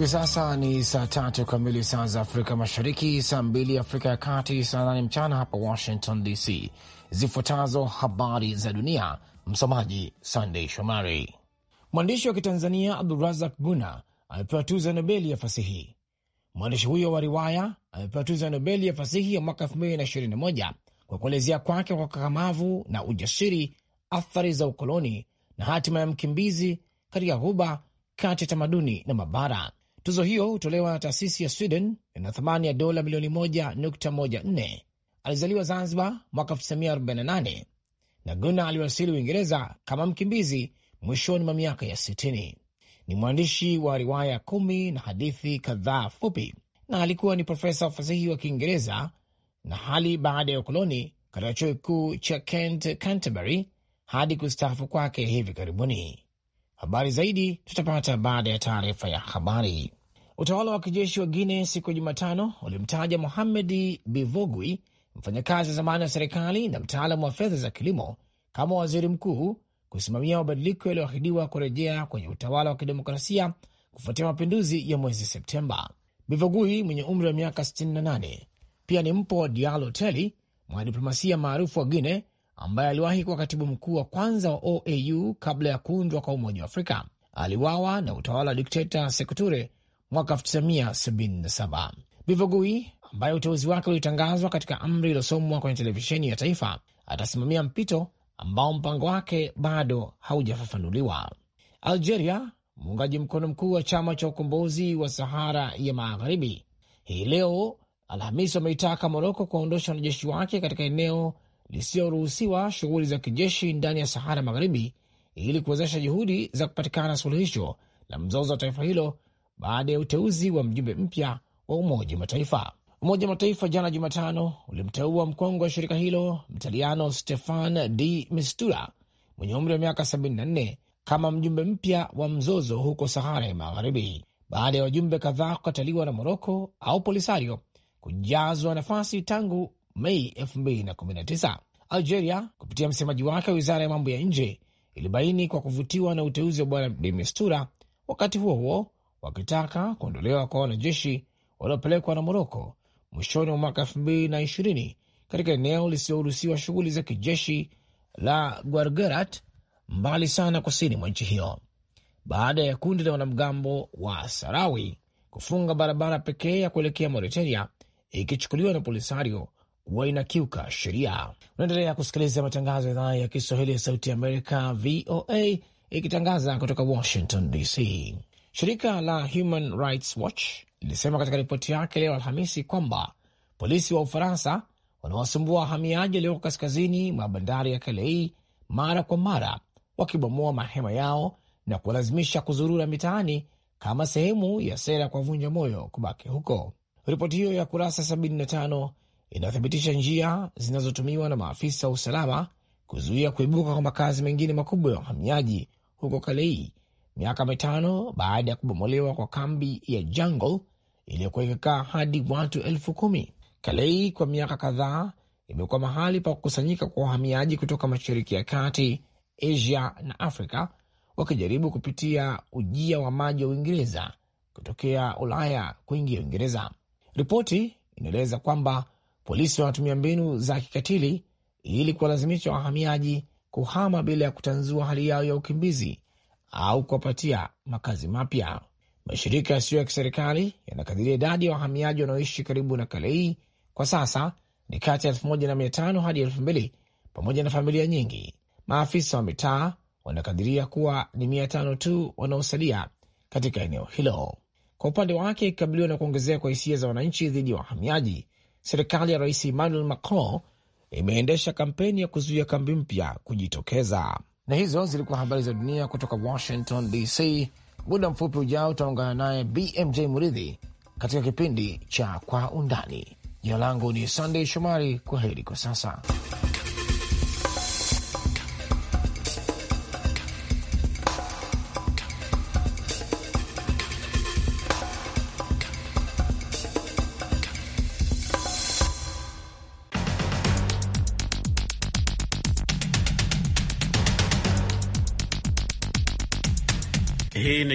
Hivi sasa ni saa tatu kamili saa za Afrika Mashariki, saa mbili Afrika ya Kati, saa nane mchana hapa Washington DC. Zifuatazo habari za dunia, msomaji Sandey Shomari. Mwandishi wa Kitanzania Abdurazak Guna amepewa tuzo ya Nobeli ya fasihi. Mwandishi huyo wa riwaya amepewa tuzo ya Nobeli ya fasihi ya mwaka 2021 kwa kuelezea kwake kwa ukakamavu na ujasiri athari za ukoloni na hatima ya mkimbizi katika ghuba kati ya tamaduni na mabara. Tuzo hiyo hutolewa na taasisi ya Sweden ina thamani ya dola milioni 1.14. Alizaliwa Zanzibar mwaka 1948 na Guna aliwasili Uingereza kama mkimbizi mwishoni mwa miaka ya 60. Ni mwandishi wa riwaya kumi na hadithi kadhaa fupi na alikuwa ni profesa wa fasihi wa Kiingereza na hali baada ya ukoloni katika chuo kikuu cha Kent Canterbury hadi kustaafu kwake hivi karibuni. Habari zaidi tutapata baada ya taarifa ya habari. Utawala wa kijeshi wa Guine siku ya Jumatano ulimtaja Mohamedi Bivogui, mfanyakazi wa zamani wa serikali na mtaalamu wa fedha za kilimo, kama waziri mkuu kusimamia mabadiliko yaliyoahidiwa kurejea kwenye utawala wa kidemokrasia kufuatia mapinduzi ya mwezi Septemba. Bivogui mwenye umri wa miaka 68 pia ni mpo Dialo Teli, mwanadiplomasia maarufu wa Guine ambaye aliwahi kuwa katibu mkuu wa kwanza wa OAU kabla ya kuundwa kwa Umoja wa Afrika. Aliwawa na utawala wa dikteta Sekoture mwaka 1977. Bivogui ambaye uteuzi wake ulitangazwa katika amri iliyosomwa kwenye televisheni ya taifa atasimamia mpito ambao mpango wake bado haujafafanuliwa. Algeria, muungaji mkono mkuu wa chama cha ukombozi wa Sahara ya Magharibi, hii leo Alhamisi wameitaka Moroko kuwaondosha wanajeshi wake katika eneo lisiyoruhusiwa shughuli za kijeshi ndani ya Sahara Magharibi ili kuwezesha juhudi za kupatikana suluhisho la mzozo wa taifa hilo baada ya uteuzi wa mjumbe mpya wa Umoja wa Mataifa. Umoja wa Mataifa jana Jumatano ulimteua mkongwe wa shirika hilo Mtaliano Stefan di Mistura mwenye umri wa miaka 74 kama mjumbe mpya wa mzozo huko Sahara ya Magharibi baada ya wajumbe kadhaa kukataliwa na Moroko au Polisario kujazwa nafasi tangu Mei 2019. Algeria kupitia msemaji wake wa wizara ya mambo ya nje ilibaini kwa kuvutiwa na uteuzi wa bwana d Mistura. Wakati huo huo, wakitaka kuondolewa kwa wanajeshi waliopelekwa na Moroko mwishoni mwa mwaka elfu mbili na ishirini katika eneo lisiloruhusiwa shughuli za kijeshi la Guargerat, mbali sana kusini mwa nchi hiyo, baada ya kundi la wanamgambo wa Sarawi kufunga barabara pekee ya kuelekea Mauritania, ikichukuliwa na Polisario kuwa inakiuka sheria. Unaendelea kusikiliza matangazo ya idhaa ya Kiswahili ya Sauti ya Amerika, VOA, ikitangaza kutoka Washington DC. Shirika la Human Rights Watch lilisema katika ripoti yake leo Alhamisi kwamba polisi wa Ufaransa wanawasumbua wahamiaji walioko kaskazini mwa bandari ya Kalei mara kwa mara, wakibomoa mahema yao na kuwalazimisha kuzurura mitaani kama sehemu ya sera kwa vunja moyo kubaki huko. Ripoti hiyo ya kurasa 75 inathibitisha njia zinazotumiwa na maafisa wa usalama kuzuia kuibuka kwa makazi mengine makubwa ya wahamiaji huko Kalei miaka mitano baada ya kubomolewa kwa kambi ya Jungle iliyokuwa ikikaa hadi watu elfu kumi. Kalei kwa miaka kadhaa imekuwa mahali pa kukusanyika kwa wahamiaji kutoka Mashariki ya Kati, Asia na Afrika wakijaribu kupitia ujia wa maji wa Uingereza kutokea Ulaya kuingia Uingereza. Ripoti inaeleza kwamba polisi wanatumia mbinu za kikatili ili kuwalazimisha wahamiaji kuhama bila ya kutanzua hali yao ya ukimbizi au kuwapatia makazi mapya. Mashirika yasiyo ya kiserikali yanakadiria idadi ya wahamiaji wanaoishi karibu na Kalei kwa sasa ni kati ya elfu moja na mia tano hadi elfu mbili pamoja na familia nyingi. Maafisa wa mitaa wanakadiria kuwa ni mia tano tu wanaosalia katika eneo hilo. Kwa upande wake, ikikabiliwa na kuongezea kwa hisia za wananchi dhidi ya wahamiaji, serikali ya Rais Emmanuel Macron imeendesha kampeni ya kuzuia kambi mpya kujitokeza. Na hizo zilikuwa habari za dunia kutoka Washington DC. Muda mfupi ujao utaungana naye BMJ Muridhi katika kipindi cha Kwa Undani. Jina langu ni Sandey Shomari. Kwa heri kwa sasa.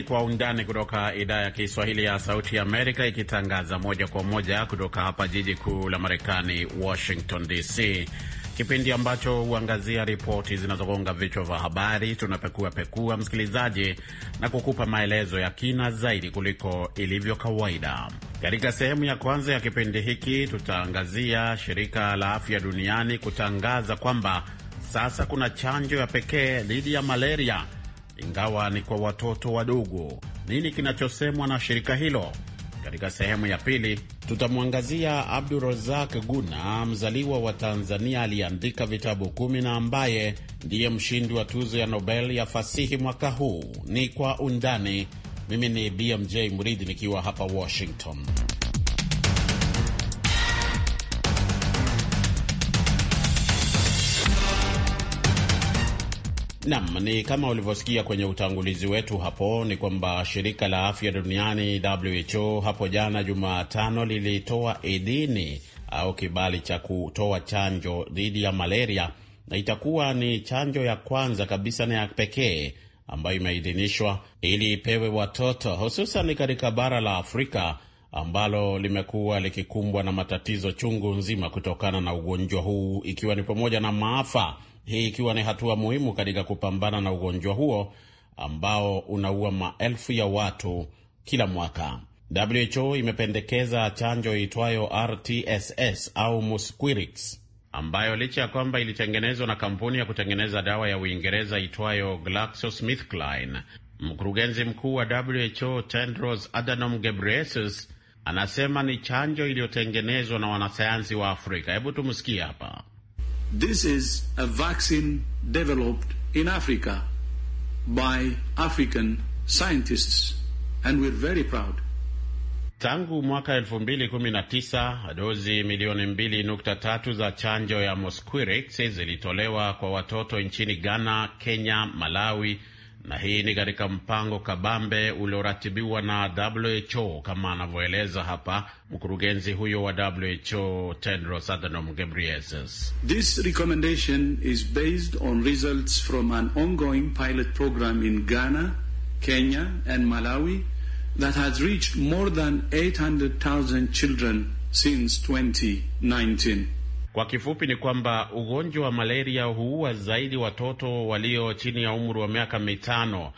Kwa Undani kutoka idhaa ya Kiswahili ya Sauti ya Amerika, ikitangaza moja kwa moja kutoka hapa jiji kuu la Marekani, Washington DC, kipindi ambacho huangazia ripoti zinazogonga vichwa vya habari. Tunapekua pekua, msikilizaji, na kukupa maelezo ya kina zaidi kuliko ilivyo kawaida. Katika sehemu ya kwanza ya kipindi hiki, tutaangazia shirika la afya duniani kutangaza kwamba sasa kuna chanjo ya pekee dhidi ya malaria ingawa ni kwa watoto wadogo. Nini kinachosemwa na shirika hilo? Katika sehemu ya pili tutamwangazia Abdurazak Guna, mzaliwa wa Tanzania aliyeandika vitabu kumi na ambaye ndiye mshindi wa tuzo ya Nobel ya fasihi mwaka huu. Ni kwa undani. Mimi ni BMJ Mridhi nikiwa hapa Washington. nam ni kama ulivyosikia kwenye utangulizi wetu hapo, ni kwamba shirika la afya duniani WHO hapo jana Jumatano lilitoa idhini au kibali cha kutoa chanjo dhidi ya malaria, na itakuwa ni chanjo ya kwanza kabisa na ya pekee ambayo imeidhinishwa ili ipewe watoto hususan katika bara la Afrika ambalo limekuwa likikumbwa na matatizo chungu nzima kutokana na ugonjwa huu ikiwa ni pamoja na maafa, hii ikiwa ni hatua muhimu katika kupambana na ugonjwa huo ambao unaua maelfu ya watu kila mwaka. WHO imependekeza chanjo iitwayo RTSS au Mosquirix ambayo licha ya kwamba ilitengenezwa na kampuni ya kutengeneza dawa ya Uingereza itwayo GlaxoSmithKline, mkurugenzi mkuu wa WHO Tedros Adhanom Ghebreyesus anasema ni chanjo iliyotengenezwa na wanasayansi wa Afrika. Hebu tumsikie hapa. This is a vaccine developed in Africa by African scientists and we're very proud. Tangu mwaka 2019 dozi milioni 2.3 za chanjo ya Mosquirix zilitolewa kwa watoto nchini Ghana, Kenya, Malawi na hii ni katika mpango kabambe ulioratibiwa na WHO kama anavyoeleza hapa mkurugenzi huyo wa WHO Tedros Adhanom Ghebreyesus. This recommendation is based on results from an ongoing pilot program in Ghana, Kenya and Malawi that has reached more than 800,000 children since 2019. Kwa kifupi ni kwamba ugonjwa wa malaria huua zaidi watoto walio chini ya umri wa miaka mitano.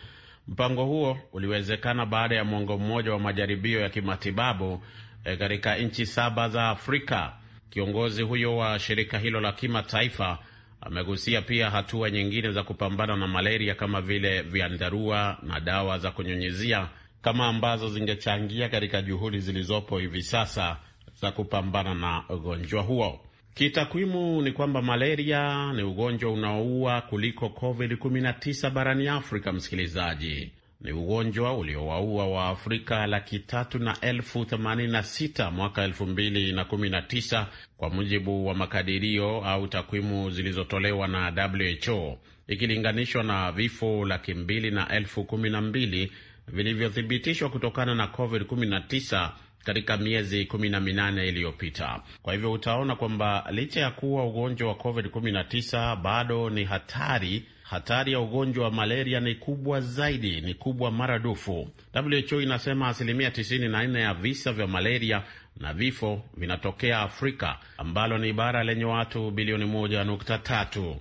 Mpango huo uliwezekana baada ya mwongo mmoja wa majaribio ya kimatibabu eh, katika e, nchi saba za Afrika. Kiongozi huyo wa shirika hilo la kimataifa amegusia pia hatua nyingine za kupambana na malaria kama vile vyandarua na dawa za kunyunyizia kama ambazo zingechangia katika juhudi zilizopo hivi sasa za kupambana na ugonjwa huo. Kitakwimu ni kwamba malaria ni ugonjwa unaoua kuliko COVID-19 barani Afrika. Msikilizaji, ni ugonjwa uliowaua wa Afrika laki tatu na elfu themanini na sita mwaka elfu mbili na kumi na tisa kwa mujibu wa makadirio au takwimu zilizotolewa na WHO ikilinganishwa na vifo laki mbili na elfu kumi na mbili vilivyothibitishwa kutokana na COVID-19 katika miezi kumi na minane iliyopita. Kwa hivyo utaona kwamba licha ya kuwa ugonjwa wa COVID-19 bado ni hatari hatari ya ugonjwa wa malaria ni kubwa zaidi, ni kubwa maradufu. WHO inasema asilimia 94 ya visa vya malaria na vifo vinatokea Afrika, ambalo ni bara lenye watu bilioni 1.3.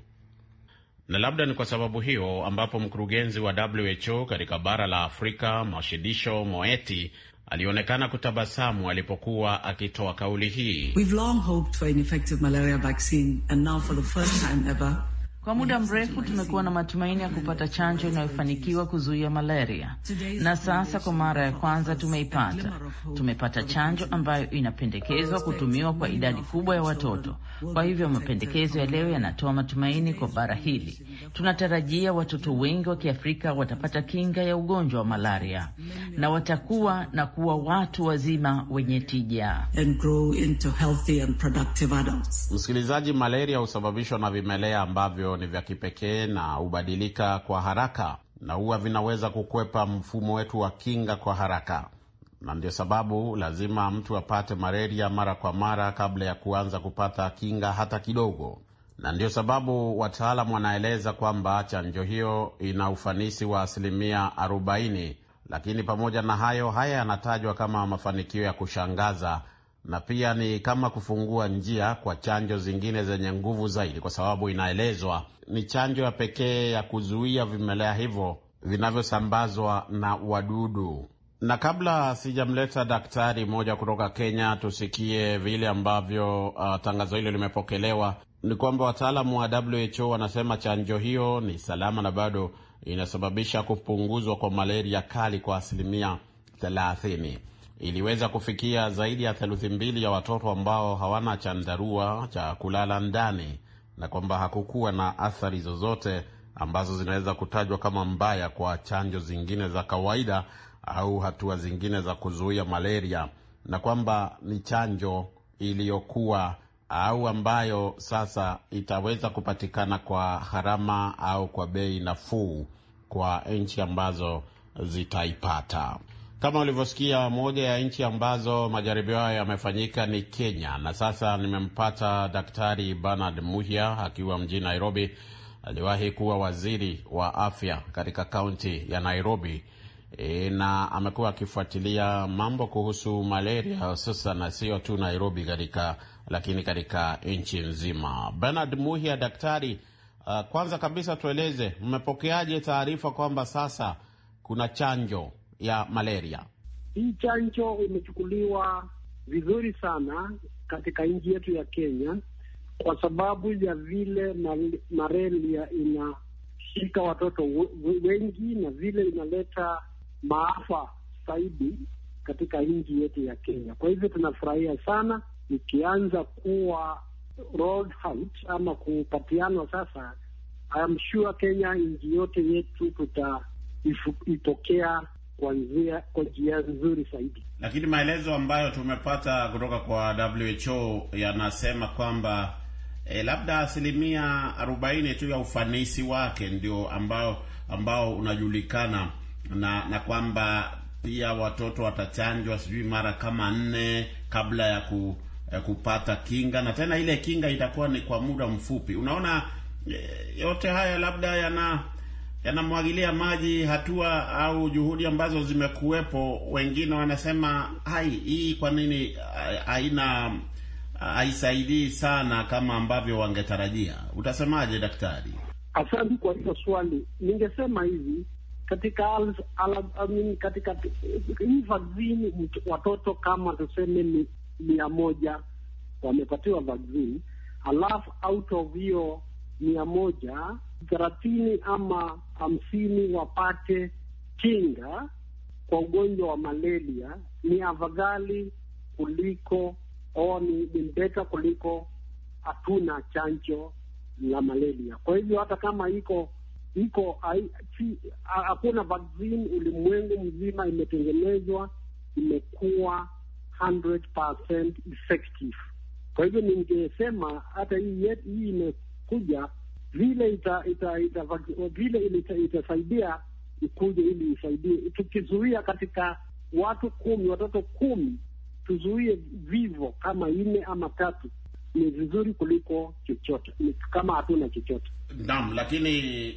Na labda ni kwa sababu hiyo ambapo mkurugenzi wa WHO katika bara la Afrika mashidisho Moeti alionekana kutabasamu alipokuwa akitoa kauli hii. We've long hoped for an effective malaria vaccine and now for the first time ever kwa muda mrefu tumekuwa na matumaini ya kupata chanjo inayofanikiwa kuzuia malaria, na sasa kwa mara ya kwanza tumeipata. Tumepata chanjo ambayo inapendekezwa kutumiwa kwa idadi kubwa ya watoto. Kwa hivyo mapendekezo ya leo yanatoa matumaini kwa bara hili. Tunatarajia watoto wengi wa Kiafrika watapata kinga ya ugonjwa wa malaria na watakuwa na kuwa watu wazima wenye tija. Msikilizaji, malaria husababishwa na vimelea ambavyo ni vya kipekee na hubadilika kwa haraka na huwa vinaweza kukwepa mfumo wetu wa kinga kwa haraka, na ndio sababu lazima mtu apate malaria mara kwa mara kabla ya kuanza kupata kinga hata kidogo. Na ndio sababu wataalamu wanaeleza kwamba chanjo hiyo ina ufanisi wa asilimia 40, lakini pamoja na hayo, haya yanatajwa kama mafanikio ya kushangaza na pia ni kama kufungua njia kwa chanjo zingine zenye nguvu zaidi, kwa sababu inaelezwa ni chanjo ya pekee ya kuzuia vimelea hivyo vinavyosambazwa na wadudu. Na kabla sijamleta daktari mmoja kutoka Kenya tusikie vile ambavyo uh, tangazo hilo limepokelewa, ni kwamba wataalamu wa WHO wanasema chanjo hiyo ni salama na bado inasababisha kupunguzwa kwa malaria kali kwa asilimia 30 iliweza kufikia zaidi ya theluthi mbili ya watoto ambao hawana chandarua cha kulala ndani na kwamba hakukuwa na athari zozote ambazo zinaweza kutajwa kama mbaya kwa chanjo zingine za kawaida au hatua zingine za kuzuia malaria, na kwamba ni chanjo iliyokuwa au ambayo sasa itaweza kupatikana kwa gharama au kwa bei nafuu kwa nchi ambazo zitaipata. Kama ulivyosikia, moja ya nchi ambazo majaribio hayo yamefanyika ni Kenya, na sasa nimempata Daktari Bernard Muhia akiwa mjini Nairobi. Aliwahi kuwa waziri wa afya katika kaunti ya Nairobi e, na amekuwa akifuatilia mambo kuhusu malaria hususan, na sio tu Nairobi katika lakini katika nchi nzima. Bernard Muhia, daktari, uh, kwanza kabisa tueleze mmepokeaje taarifa kwamba sasa kuna chanjo ya malaria. Hii chanjo imechukuliwa vizuri sana katika nchi yetu ya Kenya kwa sababu ya vile malaria inashika watoto wengi na vile inaleta maafa zaidi katika nchi yetu ya Kenya. Kwa hivyo tunafurahia sana ikianza kuwa rolled out ama kupatianwa sasa. I am sure Kenya, nchi yote yetu tutaipokea kuanzia kwa njia nzuri zaidi. Lakini maelezo ambayo tumepata kutoka kwa WHO yanasema kwamba e, labda asilimia arobaini tu ya ufanisi wake ndio ambao ambao unajulikana na na kwamba pia watoto watachanjwa sijui mara kama nne kabla ya ku, eh, kupata kinga na tena ile kinga itakuwa ni kwa muda mfupi. Unaona eh, yote haya labda yana yanamwagilia maji hatua au juhudi ambazo zimekuwepo. Wengine wanasema hai, hii kwa nini eh, haina haisaidii sana kama ambavyo wangetarajia. Utasemaje daktari? Asante kwa hilo swali. Ningesema hivi katika katika eh, hii vaksini watoto kama tuseme ni mia moja wamepatiwa vaksini, alafu out of hiyo mia moja thelathini ama hamsini wapate kinga kwa ugonjwa wa malaria ni afadhali kuliko au ni beta kuliko hatuna chanjo la malaria. Kwa hivyo hata kama iko iko hakuna vaccine ulimwengu mzima imetengenezwa imekuwa 100% effective. Kwa hivyo ningesema hata hii hii imekuja vile ita- ita- ita- vile itasaidia ikuje ili isaidie. Tukizuia katika watu kumi, watoto kumi, tuzuie vivo kama nne ama tatu, ni vizuri kuliko chochote, kama hatuna chochote. Naam, lakini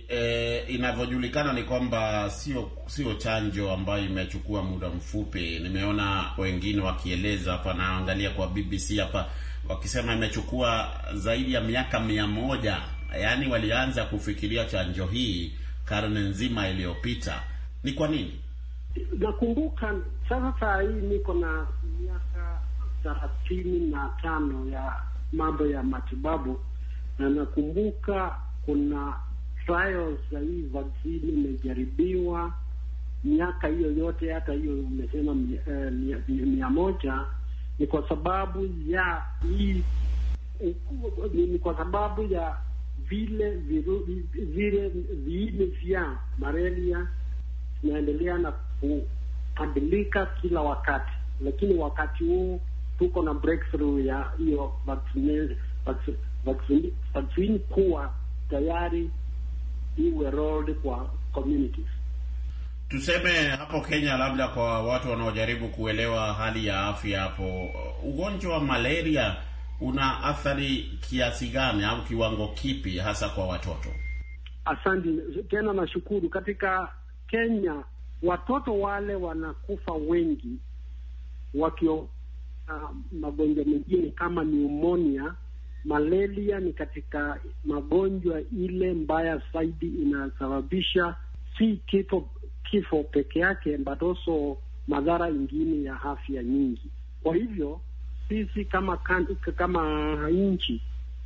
eh, inavyojulikana ni kwamba sio sio chanjo ambayo imechukua muda mfupi. Nimeona wengine wakieleza hapa, naangalia kwa BBC hapa wakisema imechukua zaidi ya miaka mia moja yaani walianza kufikiria chanjo hii karne nzima iliyopita. Ni kwa nini? Nakumbuka sasa, saa hii niko na miaka thelathini na tano ya mambo ya matibabu, na nakumbuka kuna trials za hii vaksini imejaribiwa miaka hiyo yote, hata hiyo umesema eh, mia, mia, mia moja ni kwa sababu ya hii, ni kwa sababu ya vile vile viini vya malaria vinaendelea na kubadilika kila wakati, lakini wakati huu tuko na breakthrough ya hiyo vaccine, vaccine, vaccine, vaccine kuwa tayari iwe rolled kwa communities. Tuseme hapo Kenya, labda kwa watu wanaojaribu kuelewa hali ya afya hapo, ugonjwa wa malaria una athari kiasi gani au kiwango kipi hasa kwa watoto? Asante tena, nashukuru. Katika Kenya watoto wale wanakufa wengi wakio uh, magonjwa mengine kama pneumonia, malaria ni katika magonjwa ile mbaya zaidi, inasababisha si kifo kifo peke yake but also madhara ingine ya afya nyingi. Kwa hivyo sisi kama kama nchi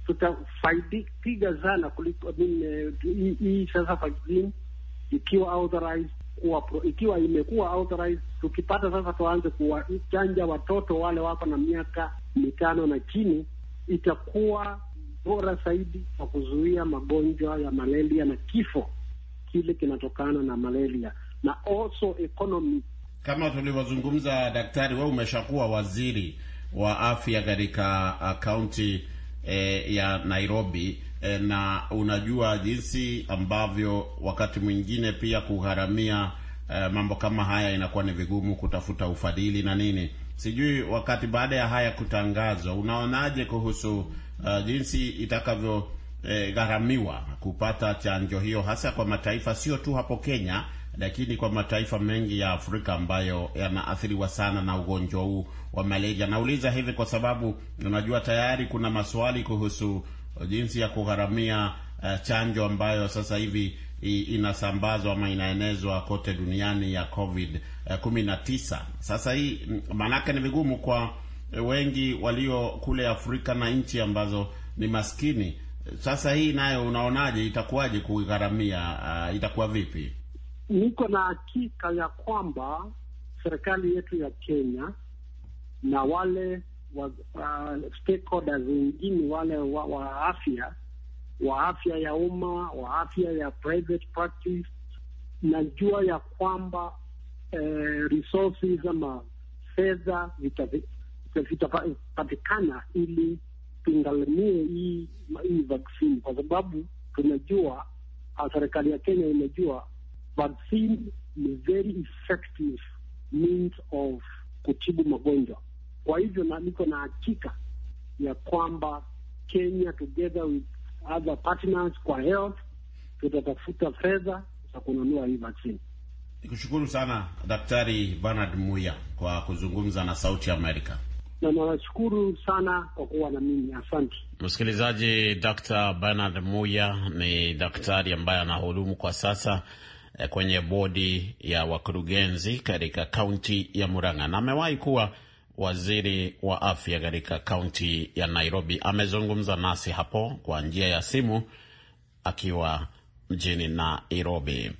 tutafaidika sana kuliko eh, hii sasa vaccine ikiwa authorized kuwa ikiwa imekuwa authorized, tukipata sasa tuanze kuwachanja watoto wale wako na miaka mitano na chini, itakuwa bora zaidi kwa kuzuia magonjwa ya malaria na kifo kile kinatokana na malaria na also economy. Kama tulivyozungumza, daktari, wewe umeshakuwa waziri wa afya katika kaunti uh, e, eh, ya Nairobi e, na unajua jinsi ambavyo wakati mwingine pia kugharamia e, mambo kama haya inakuwa ni vigumu kutafuta ufadhili na nini. Sijui wakati baada ya haya kutangazwa, unaonaje kuhusu uh, jinsi itakavyo E, gharamiwa kupata chanjo hiyo hasa kwa mataifa sio tu hapo Kenya lakini kwa mataifa mengi ya Afrika ambayo yanaathiriwa sana na ugonjwa huu wa malaria. Nauliza hivi kwa sababu unajua tayari kuna maswali kuhusu jinsi ya kugharamia uh, chanjo ambayo sasa hivi inasambazwa ama inaenezwa kote duniani ya Covid 19. Sasa hii mm, maanake ni vigumu kwa wengi walio kule Afrika na nchi ambazo ni maskini. Sasa hii nayo unaonaje, itakuwaje kugharamia Uh, itakuwa vipi? niko na hakika ya kwamba serikali yetu ya Kenya na wale wa, uh, stakeholders wengine wale wa, wa afya wa afya ya umma wa afya ya private practice, najua ya kwamba eh, resources ama fedha zitapatikana ili tungalimie hii hii vaccine, kwa sababu tunajua serikali ya Kenya imejua Vaccine ni very effective means of kutibu magonjwa. Kwa hivyo na niko na hakika ya kwamba Kenya together with other partners kwa health tutatafuta fedha za kununua hii vaccine. Nikushukuru sana Daktari Bernard Muya kwa kuzungumza na Sauti Amerika. Na nawashukuru sana kwa kuwa na mimi, asante msikilizaji. Dr Bernard Muya ni daktari ambaye anahudumu kwa sasa Eh, kwenye bodi ya wakurugenzi katika kaunti ya Murang'a na amewahi kuwa waziri wa afya katika kaunti ya Nairobi. Amezungumza nasi hapo kwa njia ya simu akiwa mjini Nairobi.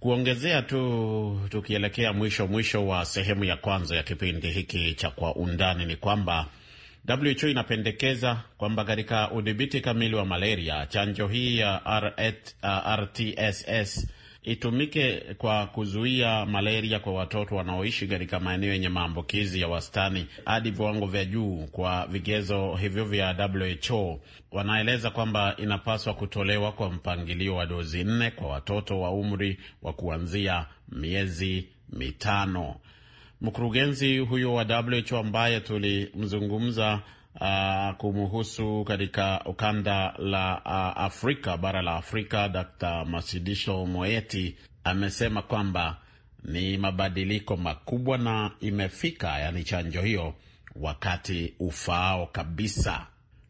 Kuongezea tu, tukielekea mwisho mwisho wa sehemu ya kwanza ya kipindi hiki cha Kwa Undani, ni kwamba WHO inapendekeza kwamba katika udhibiti kamili wa malaria, chanjo hii ya rtss uh, itumike kwa kuzuia malaria kwa watoto wanaoishi katika maeneo yenye maambukizi ya wastani hadi viwango vya juu kwa vigezo hivyo vya WHO. Wanaeleza kwamba inapaswa kutolewa kwa mpangilio wa dozi nne kwa watoto wa umri wa kuanzia miezi mitano. Mkurugenzi huyo wa WHO ambaye tulimzungumza uh, kumuhusu katika ukanda la uh, Afrika, bara la Afrika, Dr. Masidisho Moeti amesema kwamba ni mabadiliko makubwa na imefika, yani chanjo hiyo, wakati ufaao kabisa.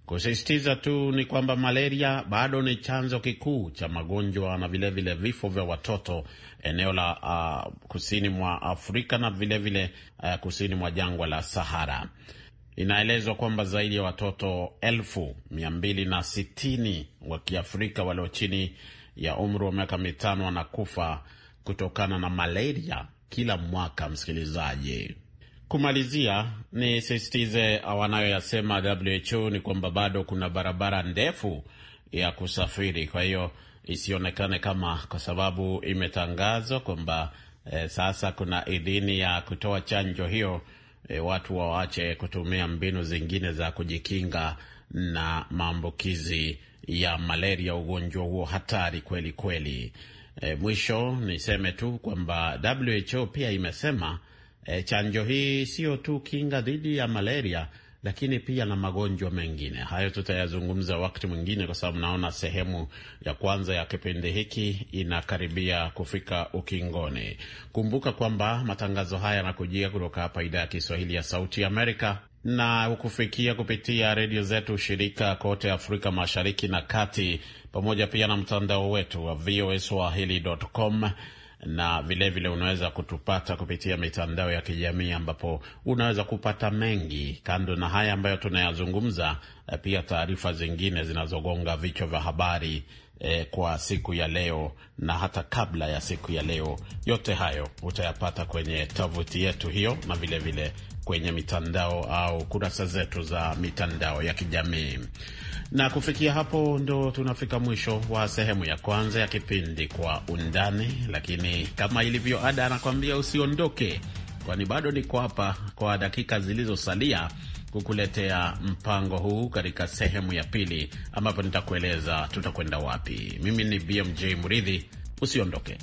Kusisitiza tu ni kwamba malaria bado ni chanzo kikuu cha magonjwa na vilevile vile vifo vya watoto eneo la uh, kusini mwa Afrika na vilevile vile, uh, kusini mwa jangwa la Sahara. Inaelezwa kwamba zaidi ya watoto elfu mia mbili na sitini wa Kiafrika walio chini ya umri wa miaka mitano wanakufa kutokana na malaria kila mwaka. Msikilizaji, kumalizia ni sistize wanayoyasema WHO ni kwamba bado kuna barabara ndefu ya kusafiri, kwa hiyo isionekane kama kwa sababu imetangazwa kwamba eh, sasa kuna idhini ya kutoa chanjo hiyo e, watu wawache kutumia mbinu zingine za kujikinga na maambukizi ya malaria, ugonjwa huo hatari kweli kweli. E, mwisho niseme tu kwamba WHO pia imesema e, chanjo hii siyo tu kinga dhidi ya malaria lakini pia na magonjwa mengine. Hayo tutayazungumza wakati mwingine, kwa sababu naona sehemu ya kwanza ya kipindi hiki inakaribia kufika ukingoni. Kumbuka kwamba matangazo haya yanakujia kutoka hapa idhaa ya Kiswahili ya Sauti Amerika na hukufikia kupitia redio zetu shirika kote Afrika Mashariki na Kati, pamoja pia na mtandao wetu wa voa swahili.com na vilevile vile unaweza kutupata kupitia mitandao ya kijamii ambapo unaweza kupata mengi kando na haya ambayo tunayazungumza, eh, pia taarifa zingine zinazogonga vichwa vya habari eh, kwa siku ya leo na hata kabla ya siku ya leo. Yote hayo utayapata kwenye tovuti yetu hiyo na vilevile vile kwenye mitandao au kurasa zetu za mitandao ya kijamii. Na kufikia hapo ndo tunafika mwisho wa sehemu ya kwanza ya kipindi Kwa Undani, lakini kama ilivyo ada, anakwambia usiondoke, kwani bado niko hapa kwa dakika zilizosalia kukuletea mpango huu katika sehemu ya pili, ambapo nitakueleza tutakwenda wapi. Mimi ni BMJ Muridhi, usiondoke.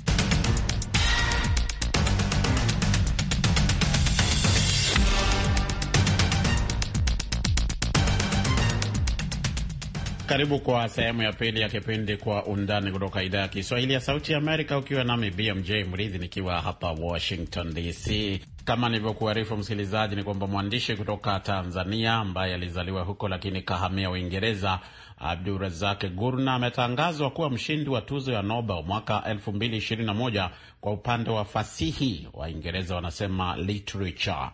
Karibu kwa sehemu ya pili ya kipindi Kwa Undani kutoka idhaa ya Kiswahili ya Sauti ya Amerika, ukiwa nami BMJ Mridhi nikiwa hapa Washington DC. Kama nilivyokuarifu msikilizaji, ni kwamba mwandishi kutoka Tanzania ambaye alizaliwa huko lakini kahamia Uingereza, Abdurazak Gurna ametangazwa kuwa mshindi wa tuzo ya Nobel mwaka 2021 kwa upande wa fasihi. Waingereza wanasema literature.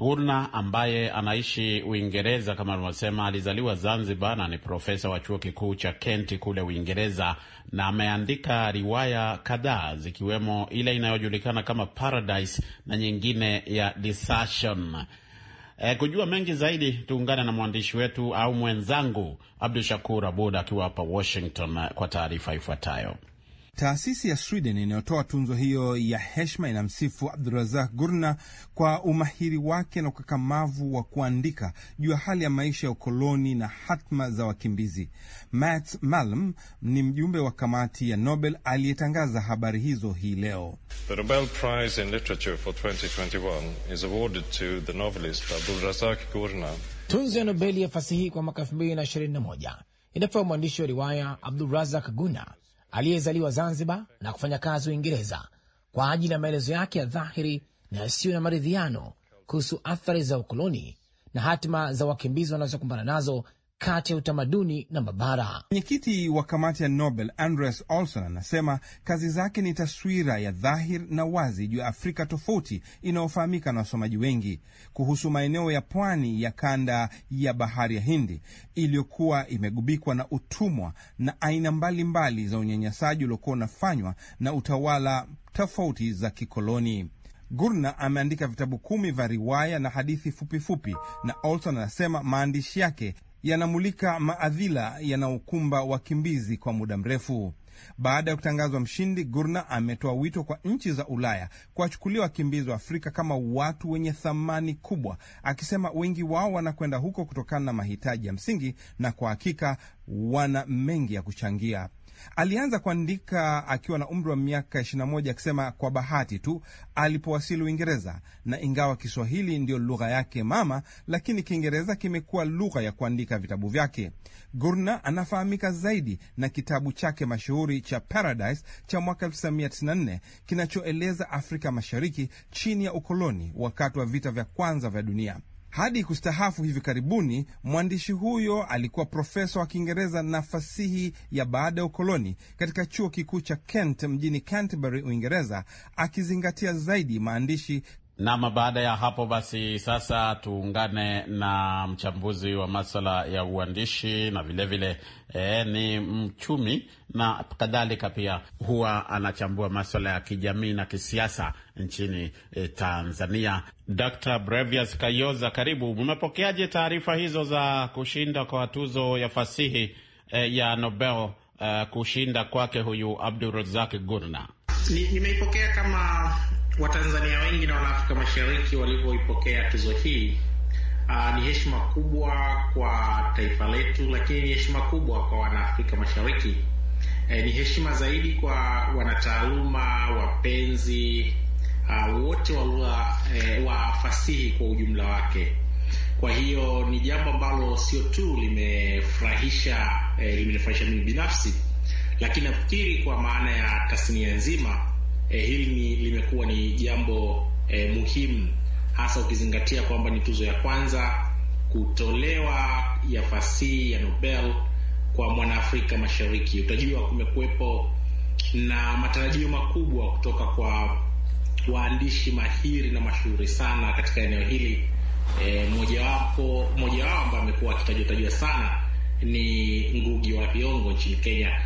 Gurna ambaye anaishi Uingereza kama alivyosema, alizaliwa Zanzibar na ni profesa wa chuo kikuu cha Kenti kule Uingereza, na ameandika riwaya kadhaa zikiwemo ile inayojulikana kama Paradise na nyingine ya Desertion. E, kujua mengi zaidi tuungane na mwandishi wetu au mwenzangu Abdu Shakur Abud akiwa hapa Washington kwa taarifa ifuatayo. Taasisi ya Sweden inayotoa tunzo hiyo ya heshima inamsifu Abdurazak Gurna kwa umahiri wake na ukakamavu wa kuandika juu ya hali ya maisha ya ukoloni na hatma za wakimbizi. Mats Malm ni mjumbe wa kamati ya Nobel aliyetangaza habari hizo hii leo. The Nobel Prize in Literature for 2021 is awarded to the novelist Abdurazak Tunzo ya Nobeli ya fasihi kwa mwaka 2021 inapewa mwandishi wa riwaya Abdurazak Gurna aliyezaliwa Zanzibar na kufanya kazi Uingereza, kwa ajili ya maelezo yake ya dhahiri na yasiyo na maridhiano kuhusu athari za ukoloni na hatima za wakimbizi wanazokumbana nazo kati ya utamaduni na mabara. Mwenyekiti wa kamati ya Nobel Andres Olson anasema kazi zake ni taswira ya dhahir na wazi juu ya Afrika tofauti inayofahamika na wasomaji wengi kuhusu maeneo ya pwani ya kanda ya bahari ya Hindi iliyokuwa imegubikwa na utumwa na aina mbalimbali za unyanyasaji uliokuwa unafanywa na utawala tofauti za kikoloni. Gurna ameandika vitabu kumi vya riwaya na hadithi fupifupi fupi, na Olson anasema maandishi yake yanamulika maadhila yanaokumba wakimbizi kwa muda mrefu. Baada ya kutangazwa mshindi, Gurna ametoa wito kwa nchi za Ulaya kuwachukulia wakimbizi wa Afrika kama watu wenye thamani kubwa, akisema wengi wao wanakwenda huko kutokana na mahitaji ya msingi, na kwa hakika wana mengi ya kuchangia. Alianza kuandika akiwa na umri wa miaka 21 akisema kwa bahati tu alipowasili Uingereza, na ingawa Kiswahili ndiyo lugha yake mama, lakini Kiingereza kimekuwa lugha ya kuandika vitabu vyake. Gurna anafahamika zaidi na kitabu chake mashuhuri cha Paradise cha mwaka 1994 kinachoeleza Afrika Mashariki chini ya ukoloni wakati wa vita vya kwanza vya dunia. Hadi kustahafu hivi karibuni, mwandishi huyo alikuwa profesa wa Kiingereza na fasihi ya baada ya ukoloni katika chuo kikuu cha Kent mjini Canterbury, Uingereza, akizingatia zaidi maandishi Nam, baada ya hapo basi, sasa tuungane na mchambuzi wa maswala ya uandishi na vilevile vile, e, ni mchumi na kadhalika, pia huwa anachambua maswala ya kijamii na kisiasa nchini e, Tanzania. Dr. Brevius Kayoza, karibu. Mmepokeaje taarifa hizo za kushinda kwa tuzo ya fasihi e, ya Nobel e, kushinda kwake huyu Abdurazak Gurna? Nimeipokea ni kama Watanzania wengi na Wanaafrika Mashariki walivyoipokea tuzo hii Uh, ni heshima kubwa kwa taifa letu, lakini ni heshima kubwa kwa Wanaafrika Mashariki. E, ni heshima zaidi kwa wanataaluma wapenzi uh, wote wa lugha e, wa fasihi kwa ujumla wake. Kwa hiyo ni jambo ambalo sio tu limefurahisha e, limenifurahisha mimi binafsi, lakini nafikiri kwa maana ya tasnia nzima eh, hili ni, limekuwa ni jambo eh, muhimu hasa ukizingatia kwamba ni tuzo ya kwanza kutolewa ya fasihi ya Nobel kwa mwanaafrika Mashariki. Utajua kumekuwepo na matarajio makubwa kutoka kwa waandishi mahiri na mashuhuri sana katika eneo hili. E, mojawapo moja wao ambaye amekuwa akitajwa tajwa sana ni Ngugi wa Thiongo nchini Kenya,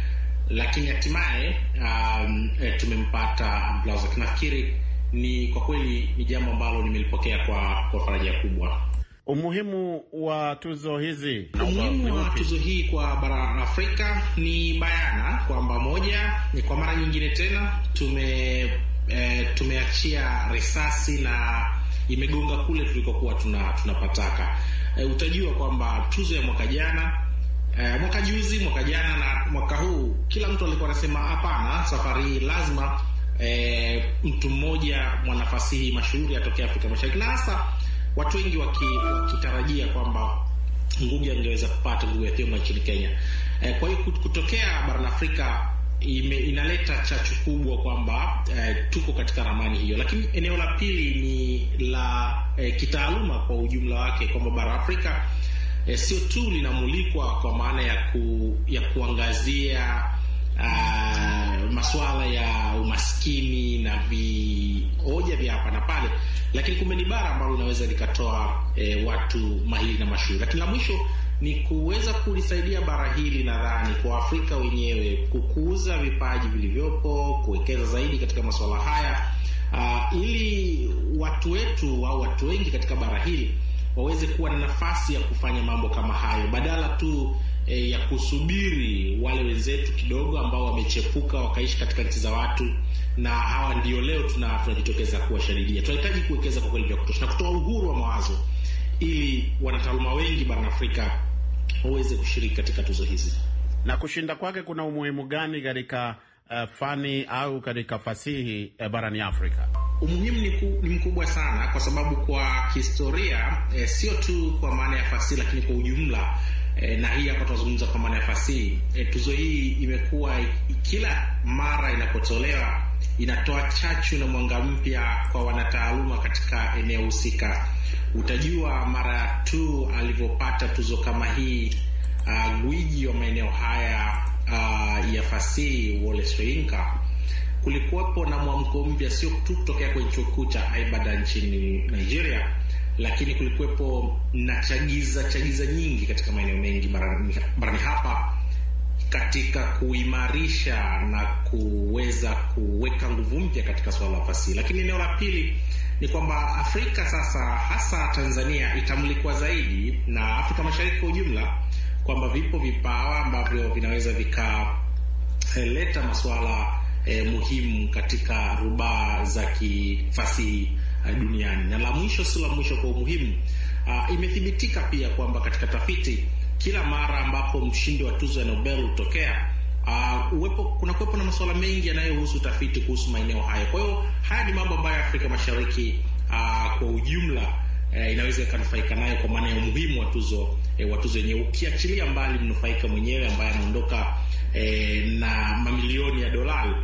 lakini hatimaye um, e, tumempata Blazovic. Nafikiri ni kwa kweli ni jambo ambalo nimelipokea kwa, kwa faraja kubwa. Umuhimu wa tuzo hizi, umuhimu wa tuzo hii kwa bara la Afrika ni bayana kwamba moja ni kwa mara nyingine tena tume e, tumeachia risasi na imegonga kule tulikokuwa tunapataka. Tuna eh, e, utajua kwamba tuzo ya mwaka jana eh, mwaka juzi, mwaka jana na mwaka huu kila mtu alikuwa anasema hapana, safari hii lazima eh, mtu mmoja mwanafasihi mashuhuri atokea Afrika Mashariki, na hasa watu wengi wakitarajia waki kwamba Ngugi angeweza kupata Ngugi wa Thiong'o nchini Kenya. Eh, kwa hiyo kutokea barani Afrika ime, inaleta chachu kubwa kwamba eh, tuko katika ramani hiyo, lakini eneo la pili ni la eh, kitaaluma kwa ujumla wake kwamba bara Afrika e, sio tu linamulikwa kwa maana ya, ku, ya kuangazia Uh, masuala ya umaskini na vihoja vya hapa na pale, lakini kumbe ni bara ambalo linaweza likatoa eh, watu mahiri na mashuhuri. Lakini la mwisho ni kuweza kulisaidia bara hili, nadhani kwa Afrika wenyewe kukuza vipaji vilivyopo, kuwekeza zaidi katika masuala haya uh, ili watu wetu au watu wengi katika bara hili waweze kuwa na nafasi ya kufanya mambo kama hayo badala tu e, ya kusubiri wale wenzetu kidogo ambao wamechepuka wakaishi katika nchi za watu, na hawa ndio leo tuna tunajitokeza kuwashadidia. Tunahitaji kuwekeza kwa kweli vya kutosha na kutoa uhuru wa mawazo ili wanataaluma wengi barani Afrika waweze kushiriki katika tuzo hizi. Na kushinda kwake kuna umuhimu gani katika uh, fani au katika fasihi uh, barani Afrika? umuhimu ni, ku, ni mkubwa sana kwa sababu kwa kihistoria e, eh, sio tu kwa maana ya fasihi lakini kwa ujumla e, na hii hapa tunazungumza kwa maana ya fasihi e, tuzo hii imekuwa kila mara inapotolewa inatoa chachu na mwanga mpya kwa wanataaluma katika eneo husika. Utajua mara tu alivyopata tuzo kama hii uh, gwiji wa maeneo haya uh, ya fasihi Wallace Soyinka kulikuwepo na mwamko mpya, sio tu kutokea kwenye chuo kikuu cha Ibada nchini Nigeria, lakini kulikuwepo na chagiza chagiza nyingi katika maeneo mengi barani, barani hapa katika kuimarisha na kuweza kuweka nguvu mpya katika suala la fasihi. Lakini eneo la pili ni kwamba Afrika sasa, hasa Tanzania, itamulikwa zaidi na Afrika Mashariki kwa ujumla kwamba vipo vipawa ambavyo vinaweza vikaleta eh, masuala eh, muhimu katika rubaa za kifasihi eh, duniani. Na la mwisho, si la mwisho kwa umuhimu, ah, imethibitika pia kwamba katika tafiti, kila mara ambapo mshindi wa tuzo ya Nobel hutokea Uh, uwepo kuna kuwepo na masuala mengi yanayohusu tafiti kuhusu maeneo hayo. Kwa hiyo haya ni mambo ambayo Afrika Mashariki uh, kwa ujumla uh, inaweza ikanufaika nayo kwa maana ya umuhimu wa tuzo uh, wa tuzo yenyewe, ukiachilia mbali mnufaika mwenyewe ambaye anaondoka uh, na mamilioni ya dolari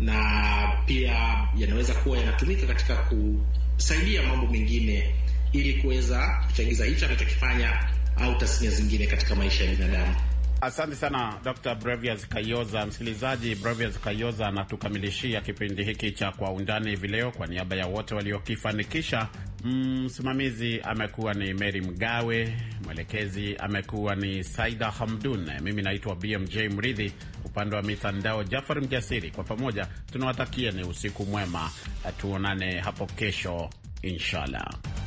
na pia yanaweza kuwa yanatumika katika kusaidia mambo mengine ili kuweza kuchangiza hicho anachokifanya au tasnia zingine katika maisha ya binadamu. Asante sana Dr. Brevias Kayoza. Msikilizaji, Brevias Kayoza anatukamilishia kipindi hiki cha Kwa Undani hivi leo. Kwa niaba ya wote waliokifanikisha, msimamizi mm, amekuwa ni Mary Mgawe, mwelekezi amekuwa ni Saida Hamdun, mimi naitwa BMJ Mridhi upande wa mitandao Jafar Mjasiri. Kwa pamoja tunawatakia ni usiku mwema, tuonane hapo kesho inshallah.